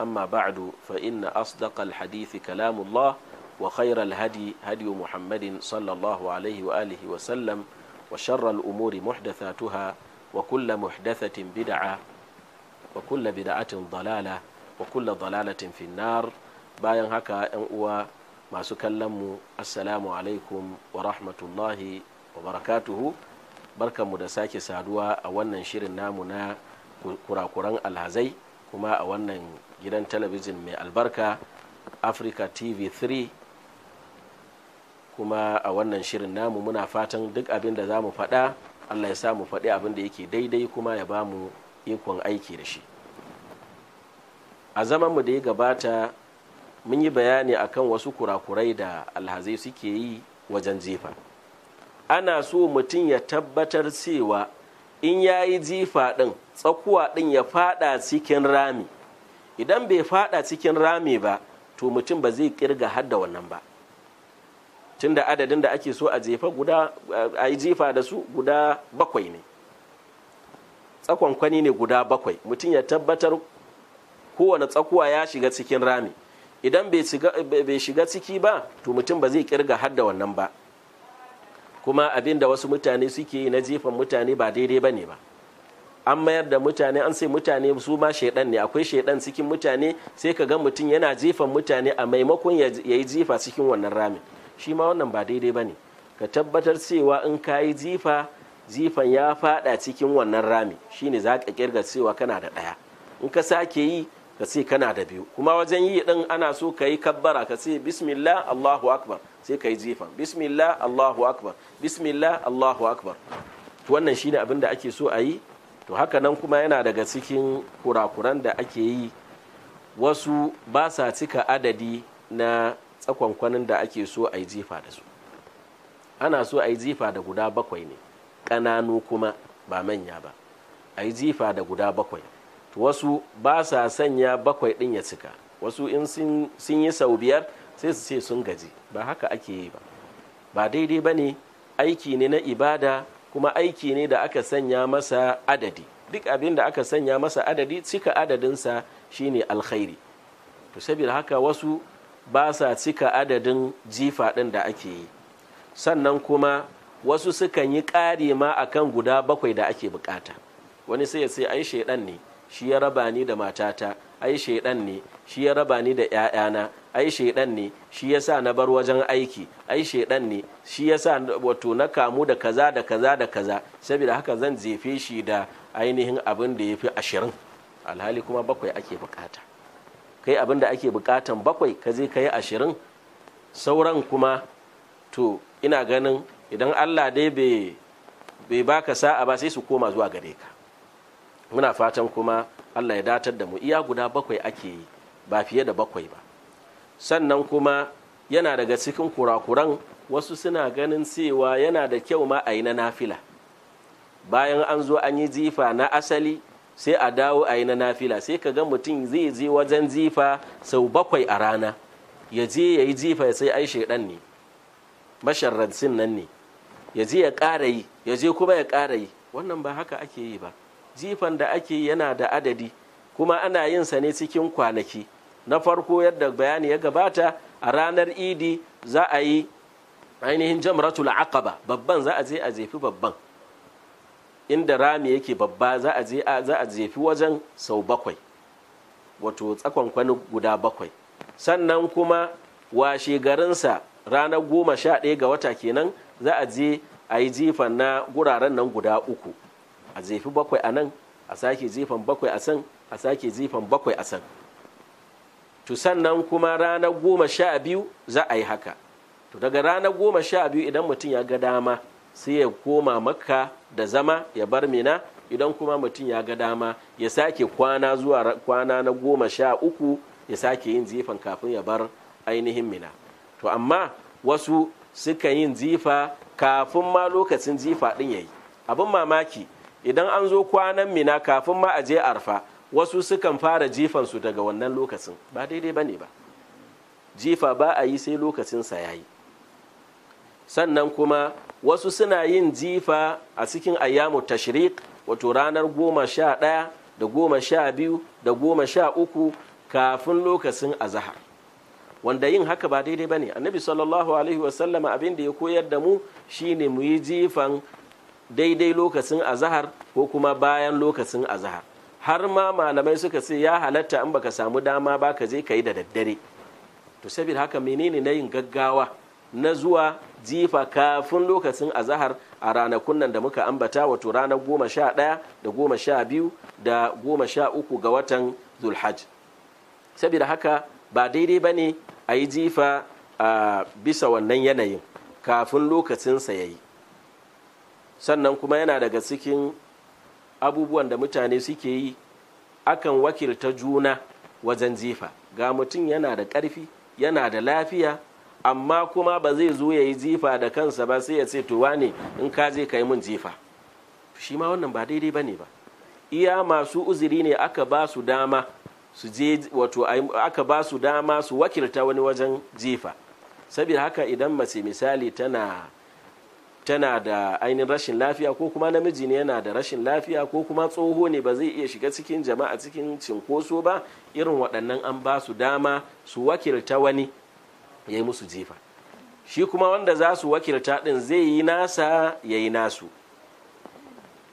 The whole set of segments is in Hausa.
أما بعد فإن أصدق الحديث كلام الله وخير الهدي هدي محمد صلى الله عليه وآله وسلم وشر الأمور محدثاتها وكل محدثة بدعة وكل بدعة ضلالة وكل ضلالة في النار باين هكا أنقوى ما سكلم السلام عليكم ورحمة الله وبركاته بركة مدساك سادوا أولا شير النامنا كرا كران الهزي kuma a wannan gidan talabijin mai albarka africa tv 3 kuma a wannan shirin namu muna fatan duk abin da za mu faɗa allah ya sa mu faɗi abin da yake daidai kuma ya ba mu ikon aiki da shi a zamanmu da ya gabata mun yi bayani akan wasu kurakurai da alhazai suke yi wajen jefa ana so mutum ya tabbatar cewa in ya yi jifa ɗin tsakuwa ɗin ya faɗa cikin rami idan bai faɗa cikin rami ba to mutum ba zai kirga hadda wannan ba tunda adadin da ake so a jefa guda a yi jifa da su guda bakwai ne tsakonkwani ne guda bakwai mutum ya tabbatar kowane tsakuwa ya shiga cikin rami idan bai shiga ciki ba to mutum ba zai kirga hadda wannan ba kuma abin da wasu mutane suke yi na jefan mutane ba daidai ba ne ba an mayar da mutane an sai mutane su ma shaidan ne akwai shaidan cikin mutane sai ka ga mutum yana jefan mutane a maimakon ya yi jefa cikin wannan ramin shi ma wannan ba daidai ba ne ka tabbatar cewa in ka yi jifa jifan ya fada cikin wannan rami shine za ka kirga cewa kana da ɗaya in ka sake yi ka ce kana da biyu kuma wajen yi din ana so ka yi kabbara ka ce bismillah allahu akbar sai ka yi jifa bismillah allahu akbar bismillah allahu akbar to wannan shine abin da ake so a yi to haka nan kuma yana daga cikin kurakuran da ake yi wasu ba sa cika adadi na tsakwankwanin da ake so a yi jifa da su ana so a yi jifa da guda bakwai ne ƙananu kuma ba manya ba a yi jifa da guda bakwai wasu ba sa sanya bakwai ɗin ya cika wasu in sun yi sau biyar sai su ce sun gaji ba haka ake yi ba ba daidai ba ne aiki ne na ibada kuma aiki ne da aka sanya masa adadi duk abin da aka sanya masa adadi cika adadinsa shine alkhairi to saboda haka wasu ba sa cika adadin jifa ɗin da ake yi sannan kuma wasu sukan yi ƙari ma akan guda bakwai da ake bukata wani sai ya ce ai shaidan ne shi ya raba ni da matata ai shaidan ne shi ya raba ni da 'ya'yana ai shaidan ne shi ya sa na bar wajen aiki ai shaidan ne shi ya sa wato na kamu da kaza da kaza da kaza saboda haka zan zefe shi da ainihin abin da ya fi ashirin alhali kuma bakwai ake bukata kai abin da ake bukatan bakwai ka je ka yi ashirin sauran kuma to ina ganin idan allah dai bai baka sa'a ba sai su koma zuwa gare ka muna fatan kuma allah ya datar da mu iya guda bakwai ake yi ba fiye da bakwai ba sannan kuma yana daga cikin kurakuran wasu suna ganin cewa yana da kyau ma a yi na nafila bayan an zo an yi jifa na asali sai a dawo a yi na nafila sai ka ga mutum zai je wajen zifa sau bakwai a rana ya je ya yi jifa sai ai shaidan ne masharransin nan ne ya je ya ƙara yi ya je kuma ya ƙara yi wannan ba haka ake yi ba jifan da ake yana da adadi kuma ana yin sa ne cikin kwanaki na farko yadda bayani ya gabata a ranar idi za a yi ainihin jamratul aqaba babban za a je a jefi babban inda rami yake babba za a je za a jefi wajen sau bakwai wato tsakonkwani guda bakwai sannan kuma washe garinsa ranar goma sha ɗaya ga wata kenan za a je a yi jifan na guraren nan guda uku a zefi bakwai a nan a sake zifan bakwai a san a sake zifan bakwai a san to sannan kuma ranar goma sha biyu za a yi haka to daga ranar goma sha biyu idan mutum ya ga dama sai ya koma makka da zama ya bar mina idan kuma mutum ya ga dama ya sake kwana zuwa kwana na goma sha uku ya sake yin zifan kafin ya bar ainihin mina to amma wasu suka yin zifa kafin ma lokacin zifa ɗin ya yi abin mamaki idan an zo kwanan mina kafin ma a je arfa wasu sukan fara jifansu daga wannan lokacin ba daidai ba ne ba jifa ba a yi sai lokacin sa yayi sannan kuma wasu suna yin jifa a cikin ayyamu tashrik wato ranar goma sha ɗaya da goma sha biyu da goma sha uku kafin lokacin azahar wanda yin haka ba daidai ba ne annabi sallallahu alaihi wasallama abin da ya koyar da mu shine mu yi jifan daidai lokacin azahar ko kuma bayan lokacin azahar har ma malamai suka ce ya halatta in baka samu dama ba ka je ka yi da daddare to saboda haka menene na yin gaggawa na zuwa jifa kafin lokacin azahar a ranakun nan da muka ambata wato ranar goma sha ɗaya da goma sha biyu da goma sha uku ga watan zulhaj saboda haka ba daidai ba ne a yi jifa a bisa wannan yanayin kafin lokacinsa ya yi sannan kuma yana daga cikin abubuwan da mutane suke yi akan wakilta juna wajen jifa ga mutum yana da ƙarfi yana da lafiya amma kuma ba zai zo ya yi jifa da kansa ba sai ya ce to wane in ka je ka yi min jifa shi ma wannan ba daidai ba ne ba iya masu uzuri ne aka ba su dama su je wato aka ba su dama su wakilta wani wajen jifa saboda haka idan mace misali tana tana da ainihin rashin lafiya ko kuma namiji ne yana da rashin lafiya ko kuma tsoho ne ba zai iya shiga cikin jama'a cikin cinkoso ba irin waɗannan an ba su dama su wakilta wani ya yi musu jefa. shi kuma wanda za su wakilta ɗin zai yi nasa ya yi nasu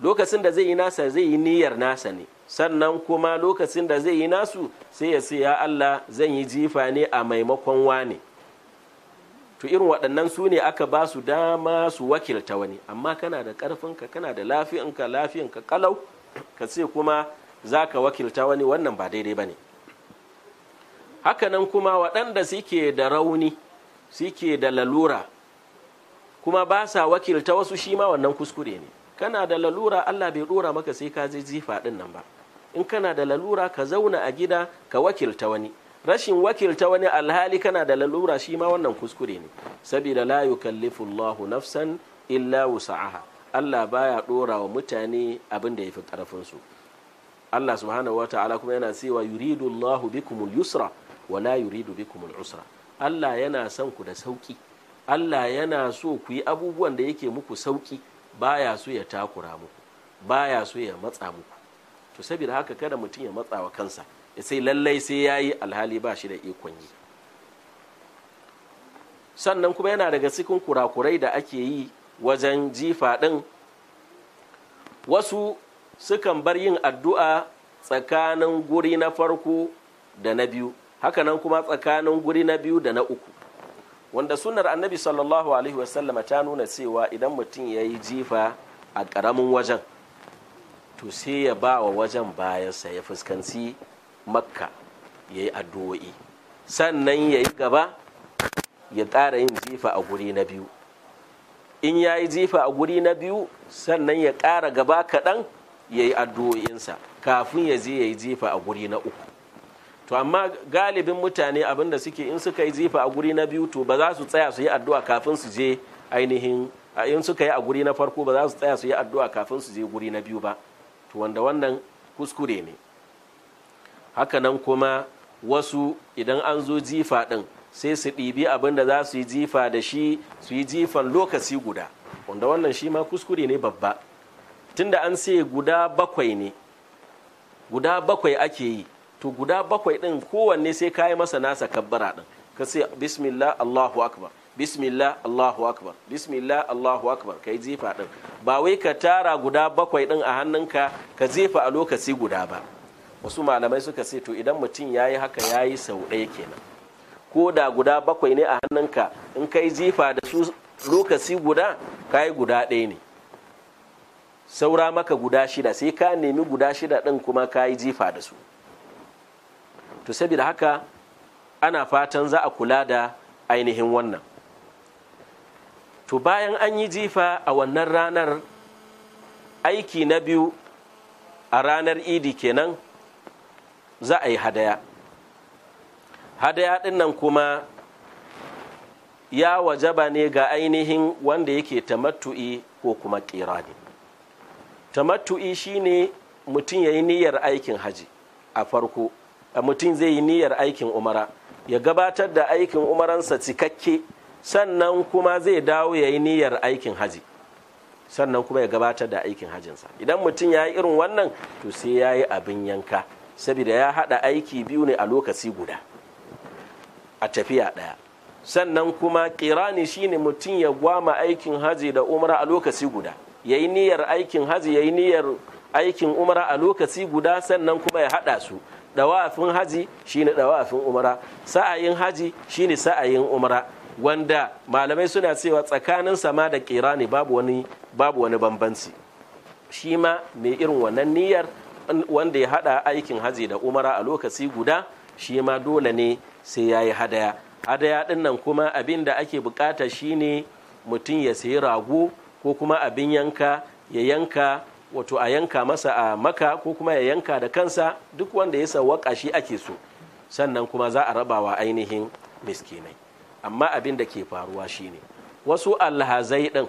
lokacin da zai yi nasa zai yi niyyar nasa ne sannan kuma lokacin da zai yi nasu sai ya sai ya allah zan yi jifa ne a maimakon wane ne to irin waɗannan su ne aka ba su dama su wakilta wani amma kana da ƙarfinka kana da lafiyanka lafiyanka kalau ka ce kuma za ka wakilta wani wannan ba daidai ba ne hakanan kuma waɗanda suke da rauni suke da lalura kuma ba sa wakilta wasu shi ma wannan kuskure ne kana da lalura allah bai ɗora maka sai ka je jifa ɗin nan ba in kana da lalura ka zauna a gida ka wakilta wani rashin wakilta wani alhali kana da lalura shi ma wannan kuskure ne saboda la yukallifu Allahu nafsan illa wusa'aha Allah baya dora wa mutane abin da yafi karfin su Allah subhanahu wata'ala kuma yana cewa yuridu Allahu bikumul yusra wa la yuridu bikumul usra Allah yana son ku da sauki Allah yana so ku yi abubuwan da yake muku sauki baya so ya takura muku baya so ya matsa muku to saboda haka kada mutum ya matsa wa kansa sai lallai sai ya yi alhali ba shi da ikon yi sannan kuma yana daga cikin kurakurai da ake yi wajen jifa ɗin wasu sukan bar yin addu'a tsakanin guri na farko da na biyu hakanan kuma tsakanin guri na biyu da na uku wanda sunar annabi sallallahu alaihi wasallama ta nuna cewa idan mutum ya yi jifa a ƙaramin wajen to sai ya ba wa wajen bayansa ya fuskanci makka ya yi addu'o'i sannan ya yi gaba ya ƙara yin jifa a guri na biyu in ya yi jifa a guri na biyu sannan ya ƙara gaba kaɗan ya yi addu'o'insa kafin ya je ya yi jifa a guri na uku to amma galibin mutane abinda suke in suka yi jifa a guri na biyu to ba za su tsaya su yi addu'a kafin su je ainihin in suka yi a guri na farko ba za su tsaya su yi addu'a kafin su je guri na biyu ba to wanda wannan kuskure ne hakanan kuma wasu idan an zo jifa ɗin sai su ɗibi abin da za su yi jifa da shi su yi jifan lokaci guda wanda wannan shi ma kuskure ne babba tunda an sai guda bakwai ne guda bakwai ake yi to guda bakwai ɗin kowanne sai ka yi masa nasa kabbara ɗin ka sai bismillah allahu akbar bismillah allahu akbar bismillah allahu akbar ka yi jifa ɗin ba wai ka tara guda bakwai ɗin a hannunka ka jefa a lokaci guda ba wasu malamai suka ce to idan mutum ya yi haka ya yi sau ɗaya kenan ko da guda bakwai ne a hannunka in ka yi jifa da su lokaci guda ka yi guda ɗaya ne saura maka guda shida sai ka nemi guda shida ɗin kuma ka yi jifa da su to saboda haka ana fatan za a kula da ainihin wannan to bayan an yi jifa a wannan ranar aiki na biyu a ranar idi kenan za a yi hadaya hadaya ɗin nan kuma ya wajaba ne ga ainihin wanda yake tamattu'i ko kuma ƙirani tamattu'i shine mutum ya yi niyyar aikin haji a farko mutum zai yi niyyar aikin umara ya gabatar da aikin umaransa cikakke sannan kuma zai dawo ya yi niyyar aikin haji sannan kuma ya gabatar da aikin hajinsa idan mutum ya yi irin wannan to sai ya yi abin yanka saboda ya haɗa aiki biyu ne a lokaci guda a tafiya ɗaya sannan kuma kirani shine mutum ya gwama aikin haji da umra a lokaci guda ya yi niyyar aikin haji ya yi niyyar aikin umra a lokaci guda sannan kuma ya haɗa su ɗawafin haji shine ɗawafin umra sa'ayin haji shine sa'ayin umra wanda malamai suna cewa tsakanin sama da kirani babu wani babu wani bambanci shi ma mai irin wannan niyyar wanda ya hada aikin haji da umara a lokaci guda shi ma dole ne sai ya yi hadaya hadaya din nan kuma abin da ake bukata shine mutum ya sayi rago ko kuma abin yanka ya yanka wato a yanka masa a maka ko kuma ya yanka da kansa duk wanda ya sawaka shi ake so sannan kuma za a rabawa ainihin miskinai amma abin da ke faruwa shine wasu alhazai din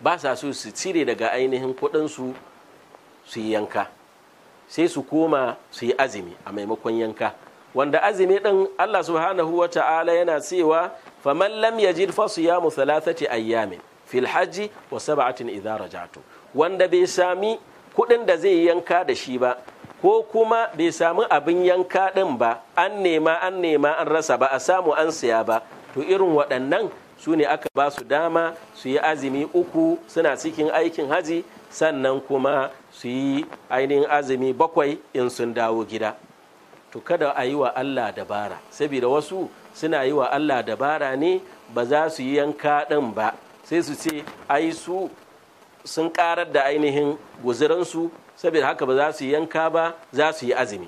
ba sa so su cire daga ainihin kuɗinsu su su yi yanka sai su koma su yi azumi a maimakon yanka wanda azumi din Allah subhanahu wa ta'ala yana cewa faman lam yajid fa siyamu thalathati ayyamin fil hajji wa sab'atin idza raja'tu wanda bai sami kuɗin da zai yanka da shi ba ko kuma bai sami abin yanka din ba an nema an nema an rasa ba a samu an siya ba to irin waɗannan su ne aka ba su dama su yi azumi uku suna cikin aikin haji sannan kuma su yi ainihin azumi bakwai in sun dawo gida to kada a yi wa allah dabara saboda wasu suna yi wa allah dabara ne ba za su yi yanka ɗin ba sai su ce ai su sun karar da ainihin guziransu saboda haka ba za su yi yanka ba za su yi azumi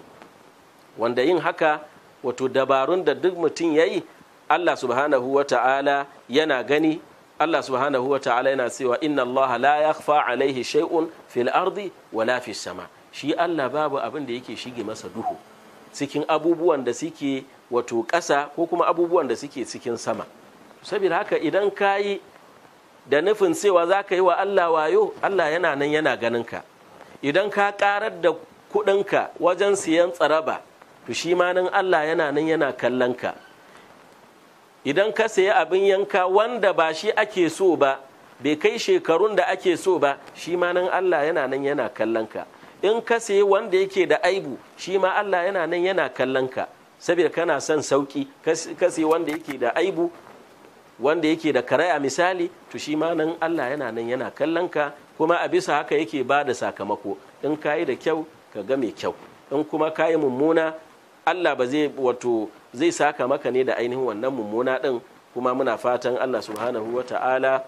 wanda yin haka wato dabarun da duk mutum ya yi allah subhanahu wa ta'ala yana gani Allah subhanahu wa ta'ala yana cewa inna Allah la yakhfa alaihi shay'un fil ardi wala fis sama shi Allah babu abin da yake shige masa duhu cikin abubuwan da suke wato ƙasa ko kuma abubuwan da suke cikin sama saboda haka idan kayi da nufin cewa zaka yi wa Allah wayo Allah yana nan yana ganin ka idan ka karar da ka wajen siyan tsaraba to shi ma nan Allah yana nan yana kallon ka idan ka sayi abin yanka wanda ba shi ake so ba bai kai shekarun da ake so ba shi ma nan Allah yana nan yana kallon ka in ka sayi wanda yake da aibu shi ma Allah yana nan yana kallon ka saboda kana son sauki ka sayi wanda yake da aibu wanda yake da karaya misali to shi ma nan Allah yana nan yana kallon ka kuma a bisa haka yake ba da sakamako in ka yi da kyau ka ga mai kyau in kuma ka yi mummuna Allah ba zai wato zai saka maka ne da ainihin wannan mummuna ɗin kuma muna fatan Allah subhanahu wata'ala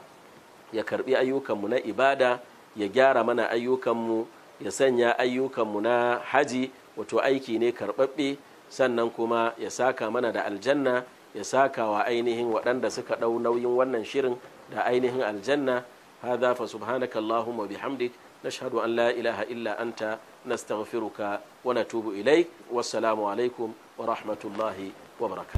ya karbi ayyukanmu na ibada ya gyara mana ayyukanmu ya sanya ayyukanmu na haji wato aiki ne karɓaɓɓe sannan kuma ya saka mana da aljanna ya saka wa ainihin waɗanda suka ɗau nauyin wannan shirin da ainihin aljanna hadha fa subhanaka allahumma bihamdik nashhadu an la ilaha illa نستغفرك ونتوب إليك والسلام عليكم ورحمة الله وبركاته